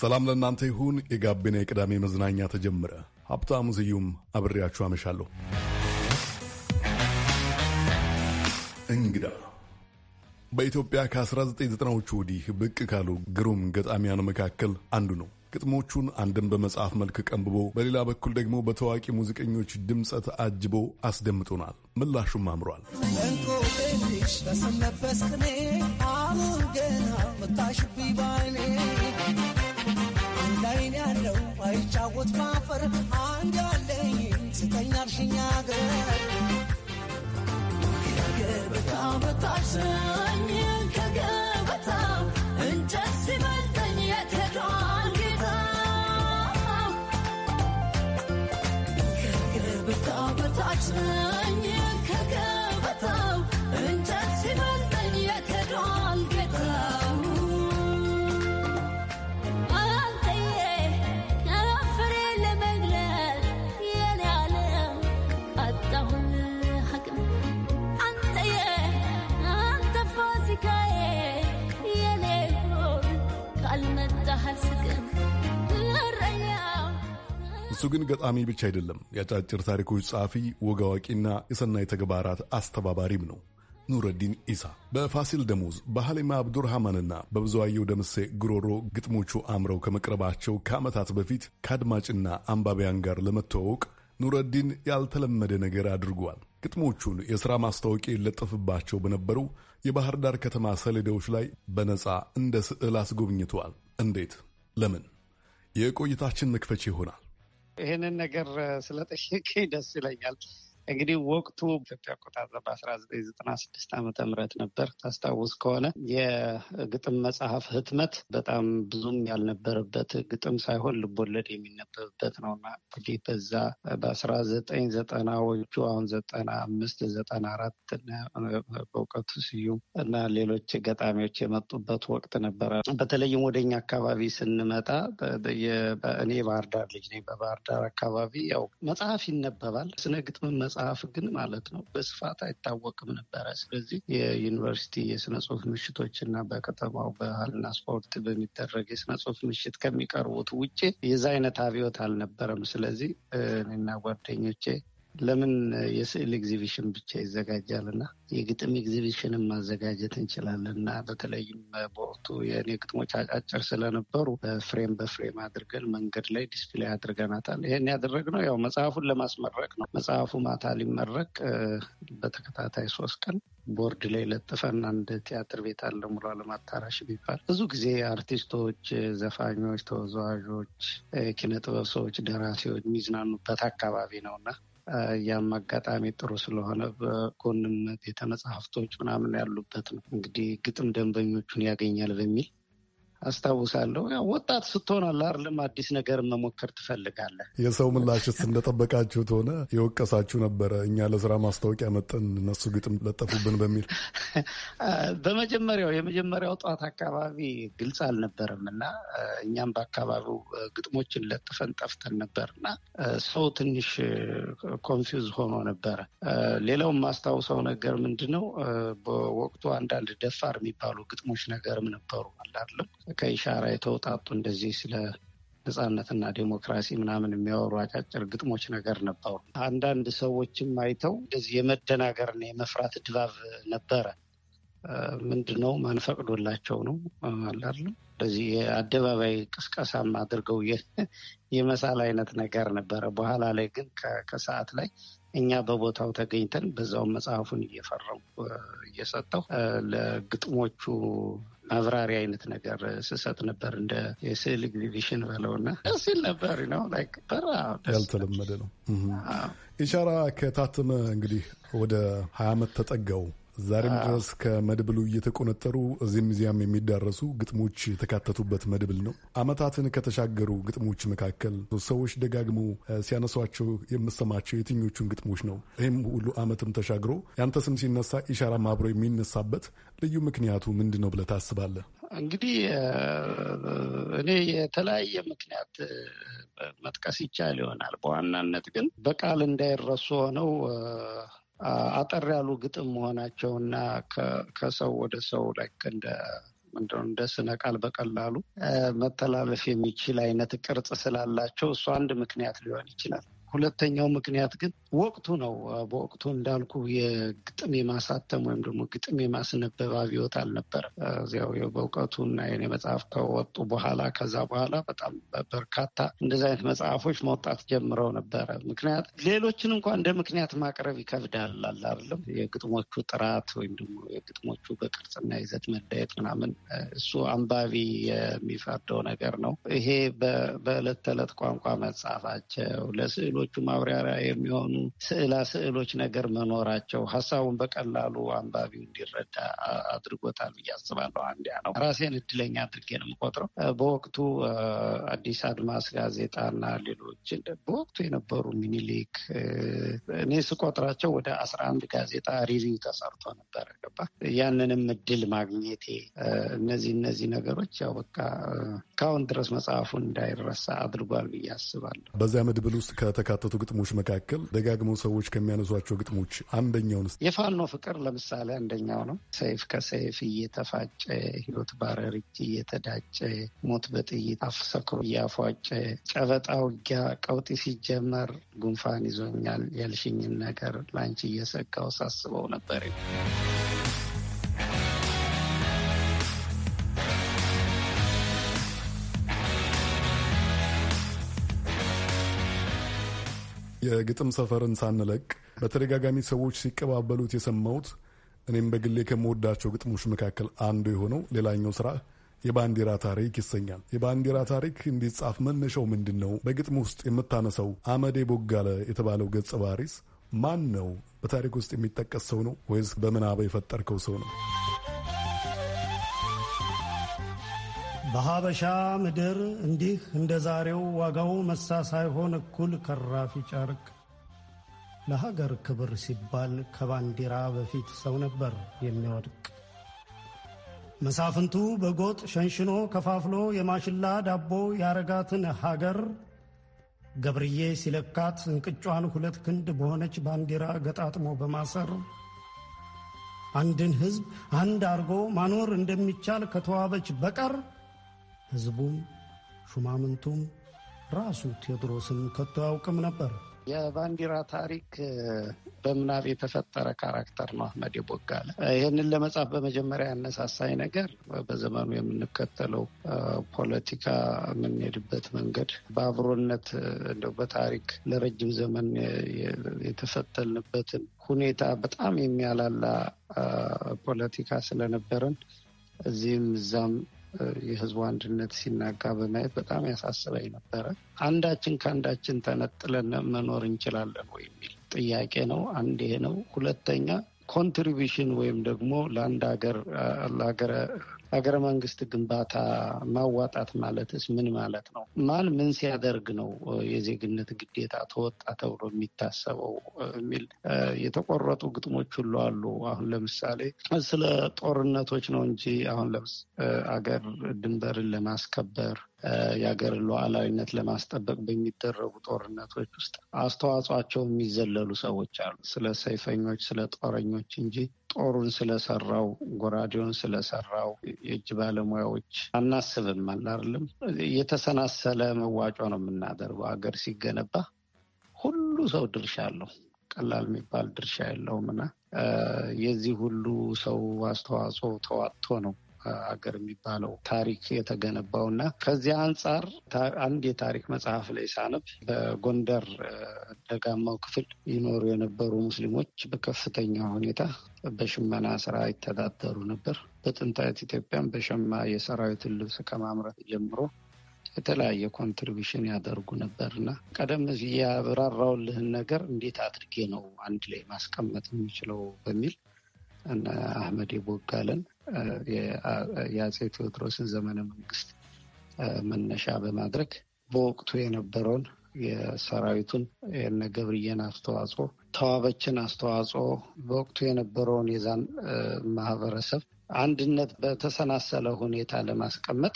ሰላም ለእናንተ ይሁን። የጋቢና የቅዳሜ መዝናኛ ተጀመረ። ሀብታሙ ስዩም አብሬያችሁ አመሻለሁ። እንግዳ በኢትዮጵያ ከ1990ዎቹ ወዲህ ብቅ ካሉ ግሩም ገጣሚያን መካከል አንዱ ነው። ግጥሞቹን አንድም በመጽሐፍ መልክ ቀንብቦ በሌላ በኩል ደግሞ በታዋቂ ሙዚቀኞች ድምፀት አጅቦ አስደምጦናል። ምላሹም አምሯል። ተሰነበስክኔ አሁን ገና መታሽቢ ባይኔ ሳይጫወት ባፈር አንድ ያለኝ ስተኛ አርሽኛ ገር እሱ ግን ገጣሚ ብቻ አይደለም። የአጫጭር ታሪኮች ጸሐፊ፣ ወግ አዋቂና የሰናይ ተግባራት አስተባባሪም ነው። ኑረዲን ኢሳ በፋሲል ደሞዝ በሐሊማ አብዱርሃማንና በብዙአየው ደምሴ ጉሮሮ ግጥሞቹ አምረው ከመቅረባቸው ከዓመታት በፊት ከአድማጭና አንባቢያን ጋር ለመተዋወቅ ኑረዲን ያልተለመደ ነገር አድርጓል። ግጥሞቹን የሥራ ማስታወቂያ ይለጠፍባቸው በነበሩ የባህር ዳር ከተማ ሰሌዳዎች ላይ በነፃ እንደ ስዕል አስጎብኝተዋል። እንዴት? ለምን? የቆይታችን መክፈቻ ይሆናል። ይህንን ነገር ስለጠየቀኝ ደስ ይለኛል። እንግዲህ ወቅቱ ኢትዮጵያ አቆጣጠር በአስራ ዘጠኝ ዘጠና ስድስት ዓመተ ምህረት ነበር። ታስታውስ ከሆነ የግጥም መጽሐፍ ህትመት በጣም ብዙም ያልነበረበት ግጥም ሳይሆን ልቦለድ የሚነበብበት ነውና እንግዲህ በዛ በአስራ ዘጠኝ ዘጠናዎቹ አሁን ዘጠና አምስት ዘጠና አራት በእውቀቱ ስዩም እና ሌሎች ገጣሚዎች የመጡበት ወቅት ነበረ። በተለይም ወደኛ አካባቢ ስንመጣ እኔ ባህርዳር ልጅ ነኝ። በባህርዳር አካባቢ ያው መጽሐፍ ይነበባል ስነ ግጥም መጽሐፍ ግን ማለት ነው በስፋት አይታወቅም ነበረ። ስለዚህ የዩኒቨርሲቲ የስነ ጽሁፍ ምሽቶች እና በከተማው ባህልና ስፖርት በሚደረግ የስነ ጽሁፍ ምሽት ከሚቀርቡት ውጭ የዛ አይነት አብዮት አልነበረም። ስለዚህ እኔና ጓደኞቼ ለምን የስዕል ኤግዚቢሽን ብቻ ይዘጋጃል? እና የግጥም ኤግዚቢሽንን ማዘጋጀት እንችላለን እና በተለይም በወቅቱ የእኔ ግጥሞች አጫጭር ስለነበሩ በፍሬም በፍሬም አድርገን መንገድ ላይ ዲስፕሌይ አድርገናታል። ይህን ያደረግነው ያው መጽሐፉን ለማስመረቅ ነው። መጽሐፉ ማታ ሊመረቅ በተከታታይ ሶስት ቀን ቦርድ ላይ ለጥፈን አንድ ቲያትር ቤት አለ ሙሉ አለም አዳራሽ የሚባል ብዙ ጊዜ አርቲስቶች፣ ዘፋኞች፣ ተወዛዋዦች፣ ኪነጥበብ ሰዎች፣ ደራሲዎች የሚዝናኑበት አካባቢ ነው እና ያም አጋጣሚ ጥሩ ስለሆነ በጎንም ቤተ መጽሐፍቶች ምናምን ያሉበት ነው። እንግዲህ ግጥም ደንበኞቹን ያገኛል በሚል አስታውሳለሁ። ያው ወጣት ስትሆን አላርልም አዲስ ነገር መሞከር ትፈልጋለህ። የሰው ምላሽስ እንደጠበቃችሁት ሆነ? የወቀሳችሁ ነበረ? እኛ ለስራ ማስታወቂያ መጠን እነሱ ግጥም ለጠፉብን በሚል በመጀመሪያው የመጀመሪያው ጠዋት አካባቢ ግልጽ አልነበረም እና እኛም በአካባቢው ግጥሞችን ለጥፈን ጠፍተን ነበር እና ሰው ትንሽ ኮንፊውዝ ሆኖ ነበረ። ሌላው ማስታውሰው ነገር ምንድነው በወቅቱ አንዳንድ ደፋር የሚባሉ ግጥሞች ነገርም ነበሩ አላለም ከኢሻራ የተውጣጡ እንደዚህ ስለ ነጻነትና ዴሞክራሲ ምናምን የሚያወሩ አጫጭር ግጥሞች ነገር ነበሩ። አንዳንድ ሰዎችም አይተው እንደዚህ የመደናገርና የመፍራት ድባብ ነበረ። ምንድነው ማንፈቅዶላቸው ነው አላለም። እንደዚህ የአደባባይ ቅስቀሳም አድርገው የመሳል አይነት ነገር ነበረ። በኋላ ላይ ግን ከሰዓት ላይ እኛ በቦታው ተገኝተን በዛው መጽሐፉን እየፈረው እየሰጠው ለግጥሞቹ ማብራሪ አይነት ነገር ስሰጥ ነበር እንደ የስዕል ኤግዚቢሽን በለውና ደስ ይል ነበር ነው። ያልተለመደ ነው። ኢሻራ ከታተመ እንግዲህ ወደ ሀያ ዓመት ተጠጋው። ዛሬም ድረስ ከመድብሉ እየተቆነጠሩ እዚህም እዚያም የሚዳረሱ ግጥሞች የተካተቱበት መድብል ነው። ዓመታትን ከተሻገሩ ግጥሞች መካከል ሰዎች ደጋግሞ ሲያነሷቸው የምሰማቸው የትኞቹን ግጥሞች ነው? ይህም ሁሉ ዓመትም ተሻግሮ ያንተ ስም ሲነሳ ኢሻራም አብሮ የሚነሳበት ልዩ ምክንያቱ ምንድን ነው ብለህ ታስባለህ? እንግዲህ እኔ የተለያየ ምክንያት መጥቀስ ይቻል ይሆናል። በዋናነት ግን በቃል እንዳይረሱ ሆነው አጠር ያሉ ግጥም እና ከሰው ወደ ሰው ላይክ እንደ ምንድነው እንደ ስነ ቃል በቀላሉ መተላለፍ የሚችል አይነት ቅርጽ ስላላቸው እሱ አንድ ምክንያት ሊሆን ይችላል። ሁለተኛው ምክንያት ግን ወቅቱ ነው። በወቅቱ እንዳልኩ የግጥም የማሳተም ወይም ደግሞ ግጥም የማስነበብ አብዮት አልነበረ። እዚያው በእውቀቱ እና የኔ መጽሐፍ ከወጡ በኋላ ከዛ በኋላ በጣም በርካታ እንደዚ አይነት መጽሐፎች መውጣት ጀምረው ነበረ። ምክንያት ሌሎችን እንኳን እንደ ምክንያት ማቅረብ ይከብዳል አላለም የግጥሞቹ ጥራት ወይም ደግሞ የግጥሞቹ በቅርጽና ይዘት መለየት ምናምን እሱ አንባቢ የሚፈርደው ነገር ነው። ይሄ በዕለት ተዕለት ቋንቋ መጽሐፋቸው ለስዕሉ ለሌሎቹ ማብራሪያ የሚሆኑ ስዕላ ስዕሎች ነገር መኖራቸው ሀሳቡን በቀላሉ አንባቢው እንዲረዳ አድርጎታል ብዬ አስባለሁ። ነው ራሴን እድለኛ አድርጌ ነው የምቆጥረው። በወቅቱ አዲስ አድማስ ጋዜጣና ሌሎች በወቅቱ የነበሩ ሚኒሊክ እኔ ስቆጥራቸው ወደ አስራ አንድ ጋዜጣ ሪቪው ተሰርቶ ነበረ። ገባ ያንንም እድል ማግኘቴ እነዚህ እነዚህ ነገሮች ያው በቃ እስካሁን ድረስ መጽሐፉን እንዳይረሳ አድርጓል ብዬ አስባለሁ። በዚያ መድብል ውስጥ ከተካተቱ ግጥሞች መካከል ደጋግመው ሰዎች ከሚያነሷቸው ግጥሞች አንደኛው ነው። የፋኖ ፍቅር ለምሳሌ አንደኛው ነው። ሰይፍ ከሰይፍ እየተፋጨ ህይወት ባረር እጅ እየተዳጨ ሞት በጥይት አፍ ሰክሮ እያፏጨ ጨበጣ ውጊያ ቀውጢ ሲጀመር ጉንፋን ይዞኛል ያልሽኝን ነገር ላንቺ እየሰጋው ሳስበው ነበር። የግጥም ሰፈርን ሳንለቅ በተደጋጋሚ ሰዎች ሲቀባበሉት የሰማሁት እኔም በግሌ ከምወዳቸው ግጥሞች መካከል አንዱ የሆነው ሌላኛው ስራ የባንዲራ ታሪክ ይሰኛል። የባንዲራ ታሪክ እንዲጻፍ መነሻው ምንድን ነው? በግጥም ውስጥ የምታነሳው አመዴ ቦጋለ የተባለው ገጸ ባህሪስ ማን ነው? በታሪክ ውስጥ የሚጠቀስ ሰው ነው ወይስ በምናበ የፈጠርከው ሰው ነው? በሀበሻ ምድር እንዲህ እንደ ዛሬው ዋጋው መሳ ሳይሆን እኩል ከራፊ ጨርቅ ለሀገር ክብር ሲባል ከባንዲራ በፊት ሰው ነበር የሚወድቅ። መሳፍንቱ በጎጥ ሸንሽኖ ከፋፍሎ የማሽላ ዳቦ ያረጋትን ሀገር ገብርዬ ሲለካት እንቅጯን ሁለት ክንድ በሆነች ባንዲራ ገጣጥሞ በማሰር አንድን ሕዝብ አንድ አርጎ ማኖር እንደሚቻል ከተዋበች በቀር ህዝቡም ሹማምንቱም ራሱ ቴዎድሮስን ከቶ ያውቅም ነበር። የባንዲራ ታሪክ በምናብ የተፈጠረ ካራክተር ነው አህመድ የቦጋለ። ይህንን ለመጻፍ በመጀመሪያ ያነሳሳኝ ነገር በዘመኑ የምንከተለው ፖለቲካ፣ የምንሄድበት መንገድ በአብሮነት እንደው በታሪክ ለረጅም ዘመን የተፈተልንበትን ሁኔታ በጣም የሚያላላ ፖለቲካ ስለነበረን እዚህም እዛም የህዝቡ አንድነት ሲናጋ በማየት በጣም ያሳስበኝ ነበረ። አንዳችን ከአንዳችን ተነጥለን መኖር እንችላለን ወይ የሚል ጥያቄ ነው። አንድ ይሄ ነው። ሁለተኛ ኮንትሪቢሽን ወይም ደግሞ ለአንድ ሀገር ለሀገረ ሀገረ መንግስት ግንባታ ማዋጣት ማለትስ ምን ማለት ነው? ማን ምን ሲያደርግ ነው የዜግነት ግዴታ ተወጣ ተብሎ የሚታሰበው የሚል የተቆረጡ ግጥሞች ሁሉ አሉ። አሁን ለምሳሌ ስለ ጦርነቶች ነው እንጂ አሁን ለምስ አገር ድንበርን ለማስከበር የሀገር ሉዓላዊነት ለማስጠበቅ በሚደረጉ ጦርነቶች ውስጥ አስተዋጽኦቸው የሚዘለሉ ሰዎች አሉ። ስለ ሰይፈኞች፣ ስለ ጦረኞች እንጂ ጦሩን ስለሰራው ጎራዴውን ስለሰራው የእጅ ባለሙያዎች አናስብም አላርልም። የተሰናሰለ መዋጮ ነው የምናደርገው። ሀገር ሲገነባ ሁሉ ሰው ድርሻ አለው። ቀላል የሚባል ድርሻ የለውም እና የዚህ ሁሉ ሰው አስተዋጽኦ ተዋጥቶ ነው ሀገር የሚባለው ታሪክ የተገነባው እና ከዚያ አንጻር አንድ የታሪክ መጽሐፍ ላይ ሳነብ በጎንደር ደጋማው ክፍል ይኖሩ የነበሩ ሙስሊሞች በከፍተኛ ሁኔታ በሽመና ስራ ይተዳደሩ ነበር። በጥንታዊት ኢትዮጵያም በሸማ የሰራዊትን ልብስ ከማምረት ጀምሮ የተለያየ ኮንትሪቢሽን ያደርጉ ነበር እና ቀደም ያብራራውልህን ነገር እንዴት አድርጌ ነው አንድ ላይ ማስቀመጥ የሚችለው በሚል እነ አህመድ ቦጋለን የአጼ ቴዎድሮስን ዘመነ መንግስት መነሻ በማድረግ በወቅቱ የነበረውን የሰራዊቱን የነ ገብርዬን አስተዋጽኦ፣ ተዋበችን አስተዋጽኦ በወቅቱ የነበረውን የዛን ማህበረሰብ አንድነት በተሰናሰለ ሁኔታ ለማስቀመጥ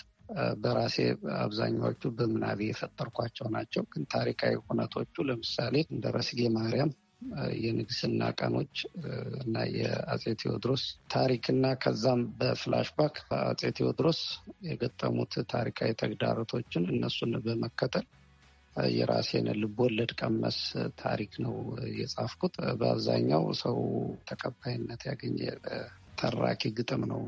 በራሴ አብዛኛዎቹ በምናቤ የፈጠርኳቸው ናቸው። ግን ታሪካዊ ሁነቶቹ ለምሳሌ እንደ ረስጌ ማርያም የንግስና ቀኖች እና የአጼ ቴዎድሮስ ታሪክና ከዛም በፍላሽባክ በአጼ ቴዎድሮስ የገጠሙት ታሪካዊ ተግዳሮቶችን እነሱን በመከተል የራሴን ልብ ወለድ ቀመስ ታሪክ ነው የጻፍኩት። በአብዛኛው ሰው ተቀባይነት ያገኘ ተራኪ ግጥም ነው።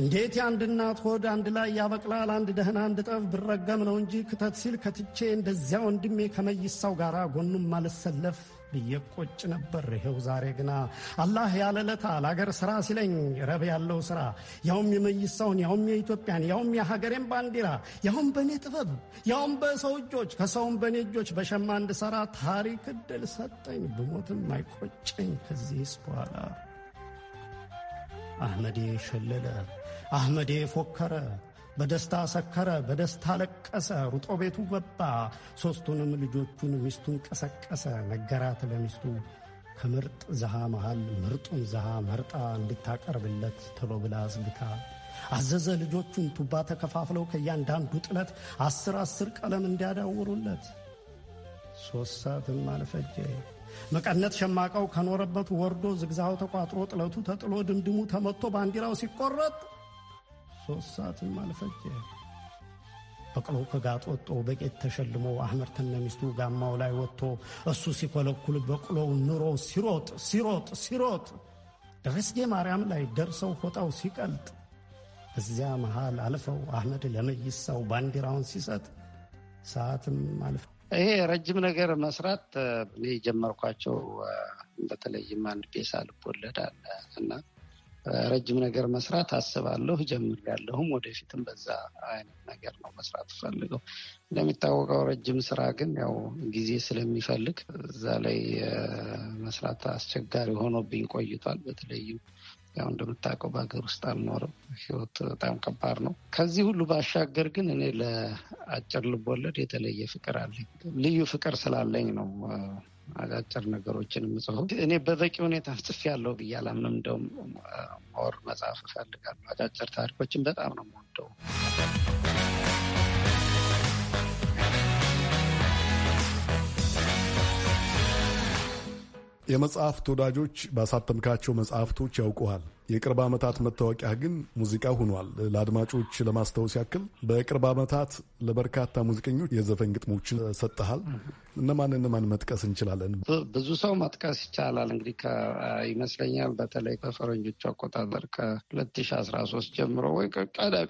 እንዴት የአንድ እናት ሆድ አንድ ላይ ያበቅላል፣ አንድ ደህና አንድ ጠፍ ብረገም ነው እንጂ ክተት ሲል ከትቼ እንደዚያ ወንድሜ ከመይሳው ጋር ጎኑም አልሰለፍ እየቆጭ ነበር። ይኸው ዛሬ ግና አላህ ያለ ለታ ለአገር ስራ ሲለኝ ረብ ያለው ስራ ያውም የመይሳውን ያውም የኢትዮጵያን ያውም የሀገሬን ባንዲራ ያውም በእኔ ጥበብ ያውም በሰው እጆች ከሰውም በእኔ እጆች በሸማ እንድሰራ ታሪክ እድል ሰጠኝ። ብሞትም አይቆጨኝ ከዚህስ በኋላ አህመዴ ሸለለ፣ አህመዴ ፎከረ በደስታ ሰከረ፣ በደስታ ለቀሰ፣ ሩጦ ቤቱ ገባ። ሦስቱንም ልጆቹን ሚስቱን ቀሰቀሰ፣ ነገራት ለሚስቱ ከምርጥ ዘሃ መሃል ምርጡን ዘሃ መርጣ እንድታቀርብለት ቶሎ ብላ አዝግታ አዘዘ። ልጆቹን ቱባ ተከፋፍለው ከእያንዳንዱ ጥለት አስር አስር ቀለም እንዲያዳውሩለት ሦስት ሰዓትም አልፈጀ። መቀነት ሸማቀው ከኖረበት ወርዶ ዝግዛው ተቋጥሮ ጥለቱ ተጥሎ ድምድሙ ተመቶ ባንዲራው ሲቆረጥ ሶስት ሰዓትም አልፈጀ። ፈቅሎ ከጋጥ ወጦ በቄት ተሸልሞ አህመድ ተነሚስቱ ጋማው ላይ ወጥቶ እሱ ሲኮለኩል በቅሎው ኑሮ ሲሮጥ ሲሮጥ ሲሮጥ ደረስጌ ማርያም ላይ ደርሰው ፎጣው ሲቀልጥ እዚያ መሃል አልፈው አህመድ ለመይሳው ባንዲራውን ሲሰጥ ሰዓትም አልፈ ይሄ ረጅም ነገር መስራት እኔ የጀመርኳቸው በተለይም አንድ ፔሳ ልቦለድ አለ እና ረጅም ነገር መስራት አስባለሁ፣ ጀምሬያለሁም። ወደፊትም በዛ አይነት ነገር ነው መስራት ፈልገው። እንደሚታወቀው ረጅም ስራ ግን ያው ጊዜ ስለሚፈልግ እዛ ላይ መስራት አስቸጋሪ ሆኖብኝ ቆይቷል። በተለይም ያው እንደምታውቀው በሀገር ውስጥ አልኖርም። ህይወት በጣም ከባድ ነው። ከዚህ ሁሉ ባሻገር ግን እኔ ለአጭር ልቦለድ የተለየ ፍቅር አለኝ። ልዩ ፍቅር ስላለኝ ነው አጫጭር ነገሮችን የምጽፈው እኔ በበቂ ሁኔታ ጽፌ ያለው ብዬ አላምንም። እንደውም ሞር መጽሐፍ እፈልጋለሁ። አጫጭር ታሪኮችን በጣም ነው የምወደው። የመጽሐፍት ወዳጆች ባሳተምካቸው መጽሐፍቶች ያውቁሃል። የቅርብ ዓመታት መታወቂያ ግን ሙዚቃ ሆኗል። ለአድማጮች ለማስታወስ ያክል በቅርብ ዓመታት ለበርካታ ሙዚቀኞች የዘፈን ግጥሞችን ሰጥተሃል። እነማን እነማን መጥቀስ እንችላለን? ብዙ ሰው መጥቀስ ይቻላል። እንግዲህ ይመስለኛል በተለይ ከፈረንጆቹ አቆጣጠር ከ2013 ጀምሮ ወይ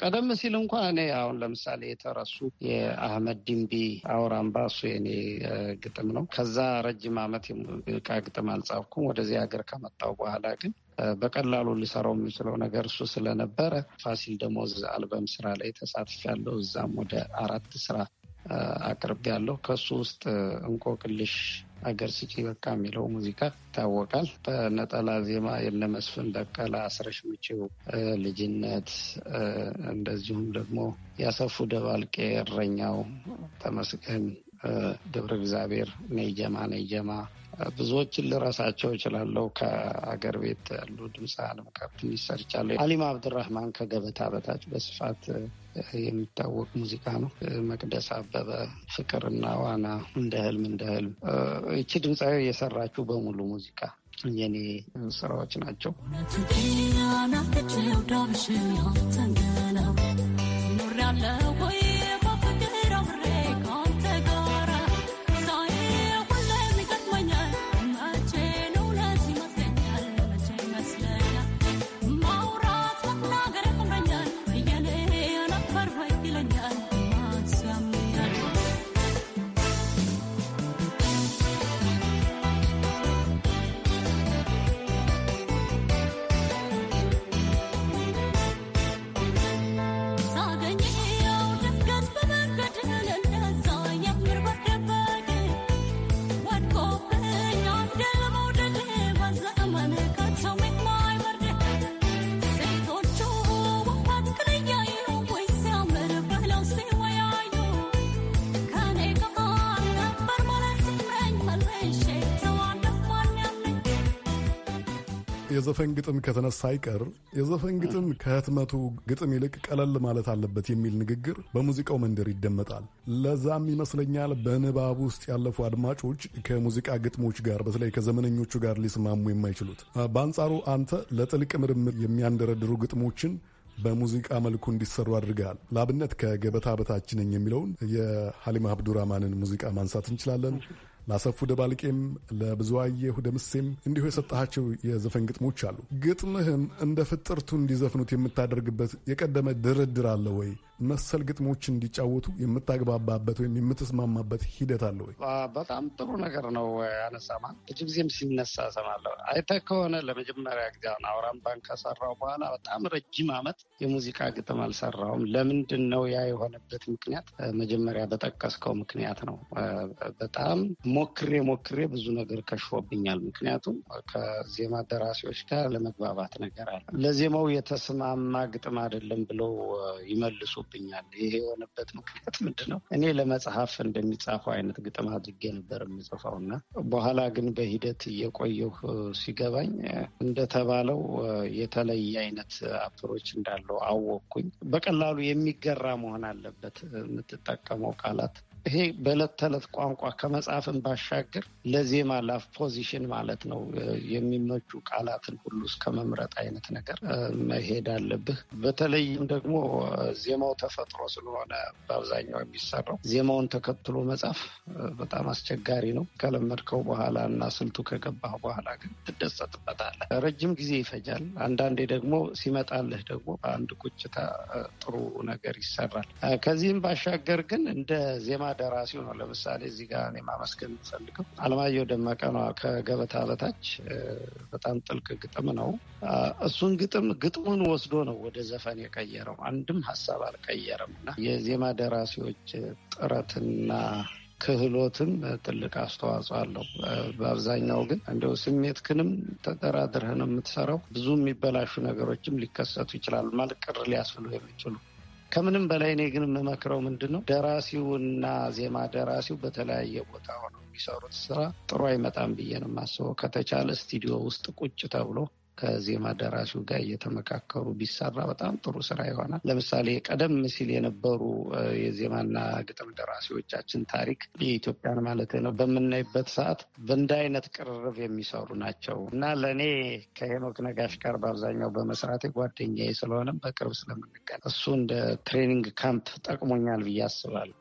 ቀደም ሲል እንኳን እኔ አሁን ለምሳሌ የተረሱ የአህመድ ድንቢ አውራምባ እሱ የኔ ግጥም ነው። ከዛ ረጅም ዓመት ቃ ግጥም አልጻፍኩም። ወደዚህ ሀገር ከመጣው በኋላ ግን በቀላሉ ሊሰራው የሚችለው ነገር እሱ ስለነበረ ፋሲል ደሞዝ አልበም ስራ ላይ ተሳትፌያለሁ። እዛም ወደ አራት ስራ ያለው ከሱ ውስጥ እንቆቅልሽ አገር ስጪ በቃ የሚለው ሙዚቃ ይታወቃል። በነጠላ ዜማ የነመስፍን በቀለ፣ አስረሽ ምጪው፣ ልጅነት እንደዚሁም ደግሞ ያሰፉ ደባልቄ፣ እረኛው፣ ተመስገን ገብረ እግዚአብሔር፣ ነይጀማ ነይጀማ ብዙዎችን ልረሳቸው እችላለሁ። ከአገር ቤት ያሉ ድምፀ ዓለም ይሰርቻለሁ። አሊም አብድራህማን ከገበታ በታች በስፋት የሚታወቅ ሙዚቃ ነው። መቅደስ አበበ ፍቅርና ዋና፣ እንደ ህልም እንደ ህልም እቺ ድምፃዊ የሰራችው በሙሉ ሙዚቃ የኔ ስራዎች ናቸው። የዘፈን ግጥም ከተነሳ አይቀር የዘፈን ግጥም ከህትመቱ ግጥም ይልቅ ቀለል ማለት አለበት የሚል ንግግር በሙዚቃው መንደር ይደመጣል። ለዛም ይመስለኛል በንባብ ውስጥ ያለፉ አድማጮች ከሙዚቃ ግጥሞች ጋር በተለይ ከዘመነኞቹ ጋር ሊስማሙ የማይችሉት። በአንጻሩ አንተ ለጥልቅ ምርምር የሚያንደረድሩ ግጥሞችን በሙዚቃ መልኩ እንዲሰሩ አድርገሃል። ለአብነት ከገበታ በታችነኝ የሚለውን የሀሊማ አብዱራማንን ሙዚቃ ማንሳት እንችላለን። ላሰፉ ደባልቄም ለብዙአየሁ ደምሴም እንዲሁ የሰጠሃቸው የዘፈን ግጥሞች አሉ። ግጥምህን እንደ ፍጥርቱ እንዲዘፍኑት የምታደርግበት የቀደመ ድርድር አለ ወይ? መሰል ግጥሞች እንዲጫወቱ የምታግባባበት ወይም የምትስማማበት ሂደት አለ ወይ? በጣም ጥሩ ነገር ነው ያነሳማ። ብዙ ጊዜም ሲነሳ ሰማለሁ። አይተህ ከሆነ ለመጀመሪያ ጊዜ አውራምባን ከሰራው በኋላ በጣም ረጅም ዓመት የሙዚቃ ግጥም አልሰራውም። ለምንድን ነው ያ የሆነበት ምክንያት? መጀመሪያ በጠቀስከው ምክንያት ነው። በጣም ሞክሬ ሞክሬ ብዙ ነገር ከሽፎብኛል። ምክንያቱም ከዜማ ደራሲዎች ጋር ለመግባባት ነገር አለ። ለዜማው የተስማማ ግጥም አይደለም ብለው ይመልሱ ሆኖብኛል። ይሄ የሆነበት ምክንያት ምንድን ነው? እኔ ለመጽሐፍ እንደሚጻፈው አይነት ግጥም አድርጌ ነበር የምጽፈው እና በኋላ ግን በሂደት እየቆየሁ ሲገባኝ እንደተባለው የተለየ አይነት አፕሮች እንዳለው አወቅኩኝ። በቀላሉ የሚገራ መሆን አለበት የምትጠቀመው ቃላት ይሄ በዕለት ተዕለት ቋንቋ ከመጻፍን ባሻገር ለዜማ ፖዚሽን ማለት ነው የሚመቹ ቃላትን ሁሉ እስከ መምረጥ አይነት ነገር መሄድ አለብህ። በተለይም ደግሞ ዜማው ተፈጥሮ ስለሆነ በአብዛኛው የሚሰራው ዜማውን ተከትሎ መጻፍ በጣም አስቸጋሪ ነው። ከለመድከው በኋላ እና ስልቱ ከገባህ በኋላ ግን ትደሰጥበታለ ረጅም ጊዜ ይፈጃል። አንዳንዴ ደግሞ ሲመጣልህ ደግሞ በአንድ ቁጭታ ጥሩ ነገር ይሰራል። ከዚህም ባሻገር ግን እንደ ዜማ ደራሲው ነው። ለምሳሌ እዚህ ጋር እኔ ማመስገን የምፈልገው አለማየሁ ደመቀ ነው። ከገበታ በታች በጣም ጥልቅ ግጥም ነው። እሱን ግጥም ግጥሙን ወስዶ ነው ወደ ዘፈን የቀየረው። አንድም ሀሳብ አልቀየረም እና የዜማ ደራሲዎች ጥረትና ክህሎትም ትልቅ አስተዋጽኦ አለው። በአብዛኛው ግን እንደው ስሜት ክንም ተደራድርህ ነው የምትሰራው። ብዙ የሚበላሹ ነገሮችም ሊከሰቱ ይችላሉ ማለት ቅር ሊያስብሉ የሚችሉ ከምንም በላይ እኔ ግን የምመክረው ምንድን ነው ደራሲው እና ዜማ ደራሲው በተለያየ ቦታ ሆነው የሚሰሩት ስራ ጥሩ አይመጣም ብዬ ነው የማስበው። ከተቻለ ስቱዲዮ ውስጥ ቁጭ ተብሎ ከዜማ ደራሲው ጋር እየተመካከሩ ቢሰራ በጣም ጥሩ ስራ ይሆናል። ለምሳሌ ቀደም ሲል የነበሩ የዜማና ግጥም ደራሲዎቻችን ታሪክ የኢትዮጵያን ማለት ነው በምናይበት ሰዓት በእንደ አይነት ቅርርብ የሚሰሩ ናቸው እና ለእኔ ከሄኖክ ነጋሽ ጋር በአብዛኛው በመስራቴ ጓደኛዬ ስለሆነ በቅርብ ስለምንቀል እሱ እንደ ትሬኒንግ ካምፕ ጠቅሞኛል ብዬ አስባለሁ።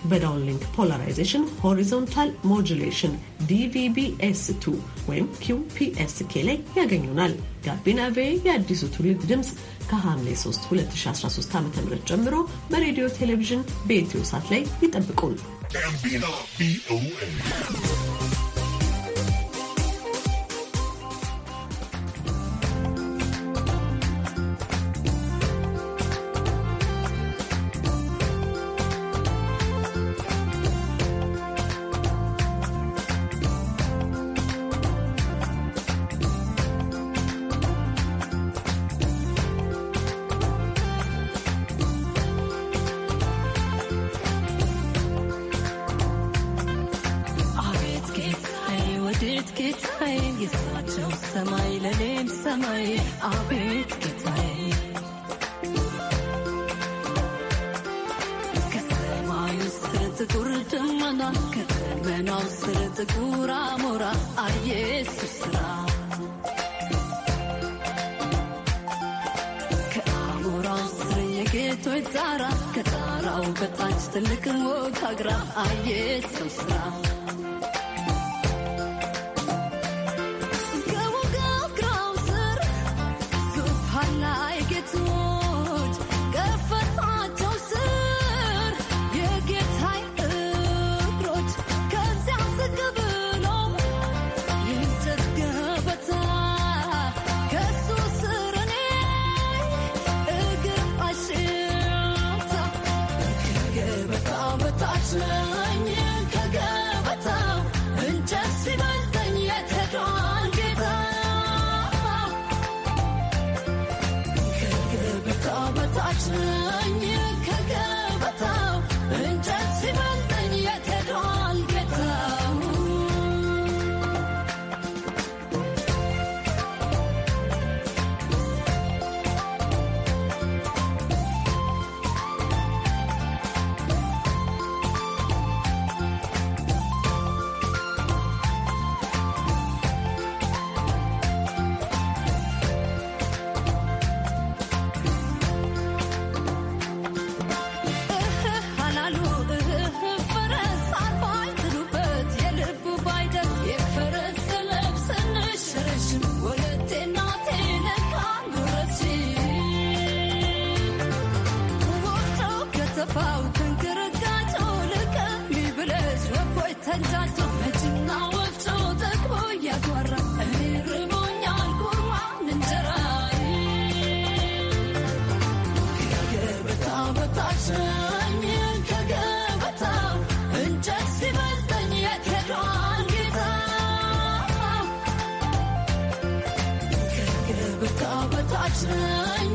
በዳውንሊንክ ፖላራይዜሽን ሆሪዞንታል ሞጁሌሽን ዲቪቢኤስ2 ወይም ኪውፒኤስኬ ላይ ያገኙናል። ጋቢና ቬ የአዲሱ ትውልድ ድምፅ ከሐምሌ 3 2013 ዓ ም ጀምሮ በሬዲዮ ቴሌቪዥን በኢትዮ ሳት ላይ ይጠብቁን። ደግሞ ከአግራፍ አየ ሰው ስራ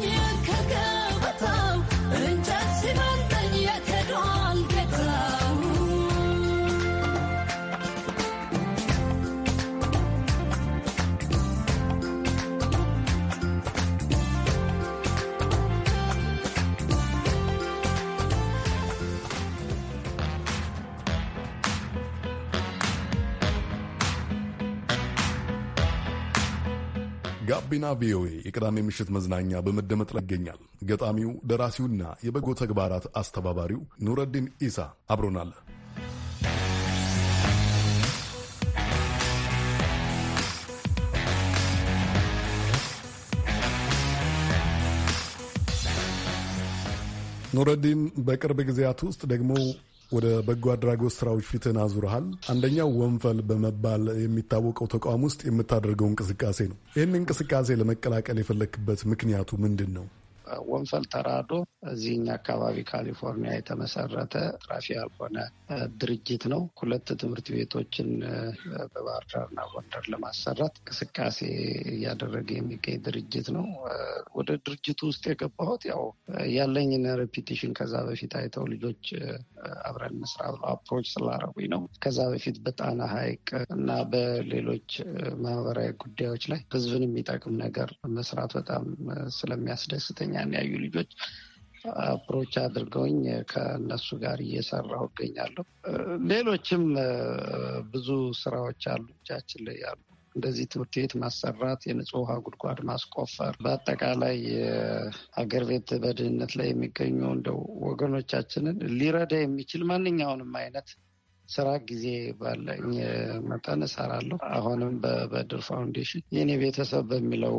you. ጋቢና ቪኦኤ የቅዳሜ ምሽት መዝናኛ በመደመጥ ላይ ይገኛል። ገጣሚው ደራሲውና የበጎ ተግባራት አስተባባሪው ኑረዲን ኢሳ አብሮናል። ኑረዲን በቅርብ ጊዜያት ውስጥ ደግሞ ወደ በጎ አድራጎት ስራዎች ፊትን አዙረሃል። አንደኛው ወንፈል በመባል የሚታወቀው ተቋም ውስጥ የምታደርገው እንቅስቃሴ ነው። ይህን እንቅስቃሴ ለመቀላቀል የፈለክበት ምክንያቱ ምንድን ነው? ወንፈል ተራዶ እዚህኛ አካባቢ ካሊፎርኒያ የተመሰረተ ትራፊ ያልሆነ ድርጅት ነው። ሁለት ትምህርት ቤቶችን በባህር ዳርና ጎንደር ለማሰራት እንቅስቃሴ እያደረገ የሚገኝ ድርጅት ነው። ወደ ድርጅቱ ውስጥ የገባሁት ያው ያለኝን ሬፒቴሽን ከዛ በፊት አይተው ልጆች አብረን መስራ ብሎ አፕሮች ስላረጉኝ ነው። ከዛ በፊት በጣና ሐይቅ እና በሌሎች ማህበራዊ ጉዳዮች ላይ ህዝብን የሚጠቅም ነገር መስራት በጣም ስለሚያስደስተኝ እኛን ያዩ ልጆች አፕሮች አድርገውኝ ከእነሱ ጋር እየሰራሁ እገኛለሁ። ሌሎችም ብዙ ስራዎች አሉ እጃችን ላይ ያሉ እንደዚህ ትምህርት ቤት ማሰራት፣ የንጹህ ውሃ ጉድጓድ ማስቆፈር፣ በአጠቃላይ ሀገር ቤት በድህነት ላይ የሚገኙ እንደው ወገኖቻችንን ሊረዳ የሚችል ማንኛውንም አይነት ስራ ጊዜ ባለኝ መጠን እሰራለሁ። አሁንም በበድር ፋውንዴሽን የኔ ቤተሰብ በሚለው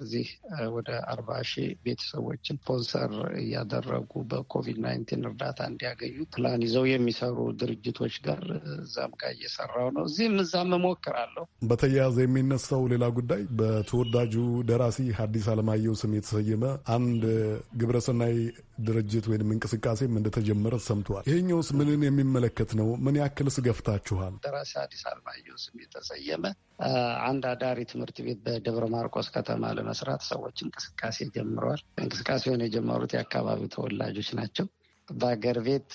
እዚህ ወደ አርባ ሺህ ቤተሰቦችን ስፖንሰር እያደረጉ በኮቪድ ናይንቲን እርዳታ እንዲያገኙ ፕላን ይዘው የሚሰሩ ድርጅቶች ጋር እዛም ጋር እየሰራው ነው። እዚህም እዛም እሞክራለሁ። በተያያዘ የሚነሳው ሌላ ጉዳይ በተወዳጁ ደራሲ ሐዲስ ዓለማየሁ ስም የተሰየመ አንድ ግብረሰናይ ድርጅት ወይም እንቅስቃሴም እንደተጀመረ ሰምተዋል። ይሄኛውስ ምንን የሚመለከት ነው? ምን ያክል ገፍታችኋል ደራሲ አዲስ አለማየሁ ስም የተሰየመ አንድ አዳሪ ትምህርት ቤት በደብረ ማርቆስ ከተማ ለመስራት ሰዎች እንቅስቃሴ ጀምረዋል። እንቅስቃሴውን የጀመሩት የአካባቢው ተወላጆች ናቸው። በሀገር ቤት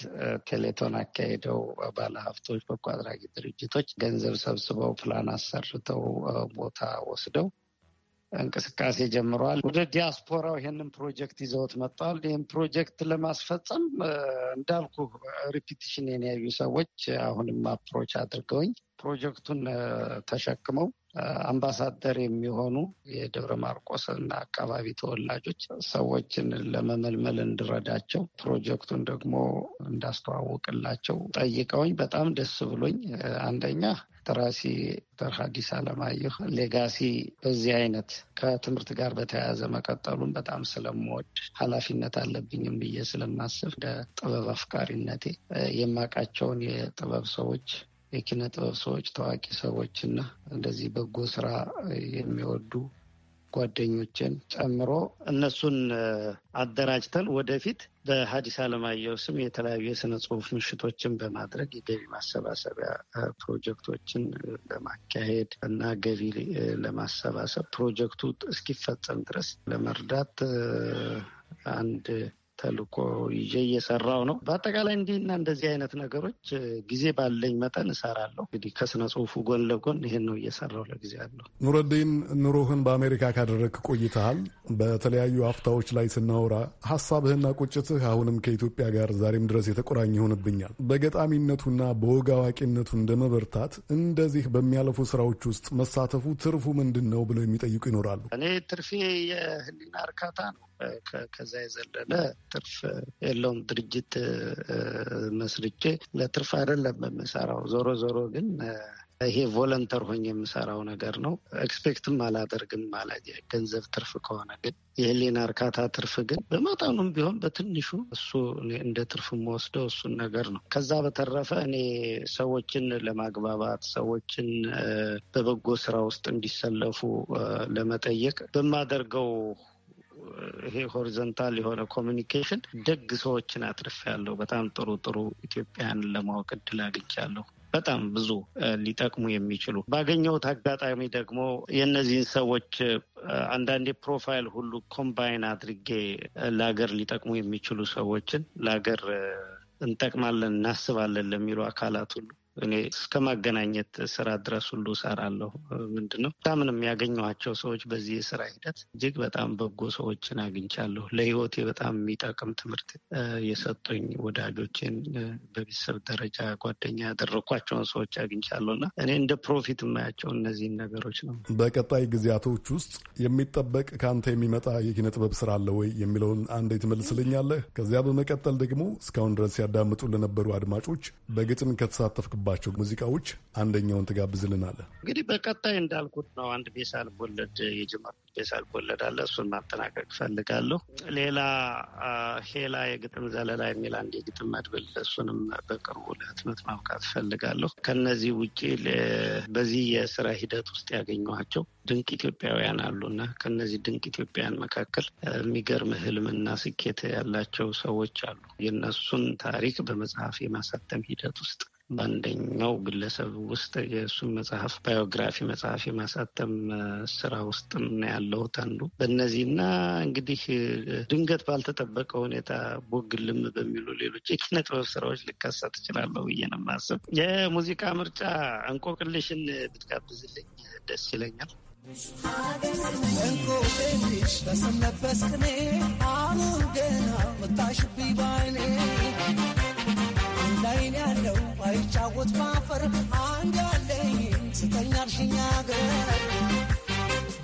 ቴሌቶን አካሄደው ባለሀብቶች፣ በጎ አድራጊ ድርጅቶች ገንዘብ ሰብስበው ፕላን አሰርተው ቦታ ወስደው እንቅስቃሴ ጀምረዋል። ወደ ዲያስፖራው ይህንን ፕሮጀክት ይዘውት መጥተዋል። ይህን ፕሮጀክት ለማስፈጸም እንዳልኩ ሪፒቲሽን የያዩ ሰዎች አሁንም አፕሮች አድርገውኝ ፕሮጀክቱን ተሸክመው አምባሳደር የሚሆኑ የደብረ ማርቆስ አካባቢ ተወላጆች ሰዎችን ለመመልመል እንድረዳቸው ፕሮጀክቱን ደግሞ እንዳስተዋውቅላቸው ጠይቀውኝ በጣም ደስ ብሎኝ አንደኛ ደራሲ ዶክተር ሐዲስ ሌጋሲ በዚህ አይነት ከትምህርት ጋር በተያያዘ መቀጠሉን በጣም ስለምወድ ኃላፊነት አለብኝም ብዬ ስለማስብ ለጥበብ ጥበብ አፍቃሪነቴ የማቃቸውን የጥበብ ሰዎች የኪነ ጥበብ ሰዎች፣ ታዋቂ ሰዎች እና እንደዚህ በጎ ስራ የሚወዱ ጓደኞችን ጨምሮ እነሱን አደራጅተን ወደፊት በሀዲስ አለማየሁ ስም የተለያዩ የስነ ጽሁፍ ምሽቶችን በማድረግ የገቢ ማሰባሰቢያ ፕሮጀክቶችን ለማካሄድ እና ገቢ ለማሰባሰብ ፕሮጀክቱ እስኪፈጸም ድረስ ለመርዳት አንድ ተልእኮ ይዤ እየሰራው ነው። በአጠቃላይ እንዲህና እንደዚህ አይነት ነገሮች ጊዜ ባለኝ መጠን እሰራለሁ። እንግዲህ ከስነ ጽሁፉ ጎን ለጎን ይሄን ነው እየሰራው ለጊዜ አለሁ። ኑረዲን፣ ኑሮህን በአሜሪካ ካደረግ ቆይተሃል። በተለያዩ ሀፍታዎች ላይ ስናወራ ሀሳብህና ቁጭትህ አሁንም ከኢትዮጵያ ጋር ዛሬም ድረስ የተቆራኝ ይሆንብኛል። በገጣሚነቱና በወግ አዋቂነቱ እንደመበርታት እንደዚህ በሚያለፉ ስራዎች ውስጥ መሳተፉ ትርፉ ምንድን ነው ብለው የሚጠይቁ ይኖራሉ። እኔ ትርፌ የህሊና እርካታ ነው። ከዛ የዘለለ ትርፍ የለውም። ድርጅት መስርቼ ለትርፍ አይደለም የምሰራው። ዞሮ ዞሮ ግን ይሄ ቮለንተር ሆኝ የምሰራው ነገር ነው። ኤክስፔክትም አላደርግም ማለት ገንዘብ ትርፍ ከሆነ ግን የህሊና እርካታ ትርፍ ግን በመጠኑም ቢሆን በትንሹ እሱ እንደ ትርፍ የምወስደው እሱን ነገር ነው። ከዛ በተረፈ እኔ ሰዎችን ለማግባባት ሰዎችን በበጎ ስራ ውስጥ እንዲሰለፉ ለመጠየቅ በማደርገው ይሄ ሆሪዘንታል የሆነ ኮሚኒኬሽን ደግ ሰዎችን አትርፍ ያለው በጣም ጥሩ ጥሩ ኢትዮጵያን ለማወቅ እድል አግኝቻለሁ። በጣም ብዙ ሊጠቅሙ የሚችሉ ባገኘሁት አጋጣሚ ደግሞ የእነዚህን ሰዎች አንዳንዴ ፕሮፋይል ሁሉ ኮምባይን አድርጌ ለሀገር ሊጠቅሙ የሚችሉ ሰዎችን ለሀገር እንጠቅማለን እናስባለን ለሚሉ አካላት ሁሉ እኔ እስከ ማገናኘት ስራ ድረስ ሁሉ እሰራለሁ። ምንድን ነው ምንም ያገኘኋቸው ሰዎች በዚህ የስራ ሂደት እጅግ በጣም በጎ ሰዎችን አግኝቻለሁ። ለህይወቴ በጣም የሚጠቅም ትምህርት የሰጡኝ ወዳጆችን፣ በቤተሰብ ደረጃ ጓደኛ ያደረኳቸውን ሰዎች አግኝቻለሁ እና እኔ እንደ ፕሮፊት የማያቸው እነዚህን ነገሮች ነው። በቀጣይ ጊዜያቶች ውስጥ የሚጠበቅ ከአንተ የሚመጣ የኪነ ጥበብ ስራ አለ ወይ የሚለውን አንዴ ትመልስልኛለህ። ከዚያ በመቀጠል ደግሞ እስካሁን ድረስ ያዳምጡ ለነበሩ አድማጮች በግጥም ከተሳተፍክ ከሚያቀርብባቸው ሙዚቃዎች አንደኛውን ትጋብዝልናለ። እንግዲህ በቀጣይ እንዳልኩት ነው አንድ ቤሳ አልቦለድ የጅማ ቤሳ አልቦለድ አለ። እሱን ማጠናቀቅ ፈልጋለሁ። ሌላ ሄላ የግጥም ዘለላ የሚል አንድ የግጥም መድብል፣ እሱንም በቅርቡ ለህትመት ማብቃት ፈልጋለሁ። ከነዚህ ውጭ በዚህ የስራ ሂደት ውስጥ ያገኘኋቸው ድንቅ ኢትዮጵያውያን አሉ እና ከነዚህ ድንቅ ኢትዮጵያውያን መካከል የሚገርም ህልምና ስኬት ያላቸው ሰዎች አሉ። የእነሱን ታሪክ በመጽሐፍ የማሳተም ሂደት ውስጥ በአንደኛው ግለሰብ ውስጥ የእሱን መጽሐፍ ባዮግራፊ መጽሐፍ የማሳተም ስራ ውስጥ ነው ያለሁት አንዱ በእነዚህና እንግዲህ ድንገት ባልተጠበቀ ሁኔታ ቦግልም በሚሉ ሌሎች የኪነ ጥበብ ስራዎች ልካሳት እችላለሁ ብዬ ነው የማስብ። የሙዚቃ ምርጫ እንቆቅልሽን ብትጋብዝልኝ ደስ ይለኛል። እንቆቅልሽ በሰነበስክኔ አሁን ገና ባይኔ የሞት ባፈር አንድ ያለኝ ስተኛ አልሽኛ ገር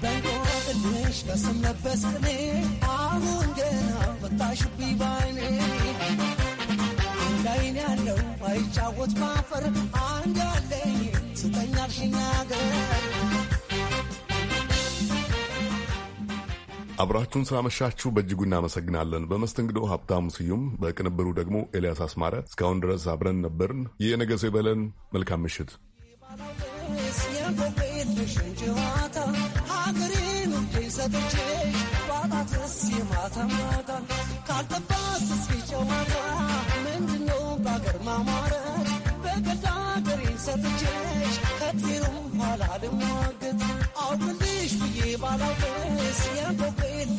በንቆቅልሽ በስም ለበስ ቅኔ አሁን ገና በታሽቢ ባይኔ አንድ ያለው አይጫወት ባፈር አንድ ያለኝ ስተኛ አልሽኛ ገር አብራችሁን ስላመሻችሁ በእጅጉ እናመሰግናለን። በመስተንግዶ ሀብታሙ ስዩም፣ በቅንብሩ ደግሞ ኤልያስ አስማረ። እስካሁን ድረስ አብረን ነበርን። የነገ ሰው ይበለን። መልካም ምሽት። I'll believe ብዬ but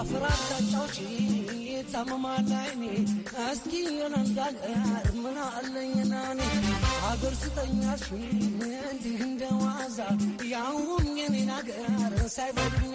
አፍራም ታጫውጪ እስኪ የነንዳል ምን አለኝና እኔ አገር ስጠኛሽ እንዲህ እንደዋዛ ያውም የኔን አገር ሳይበሉኝ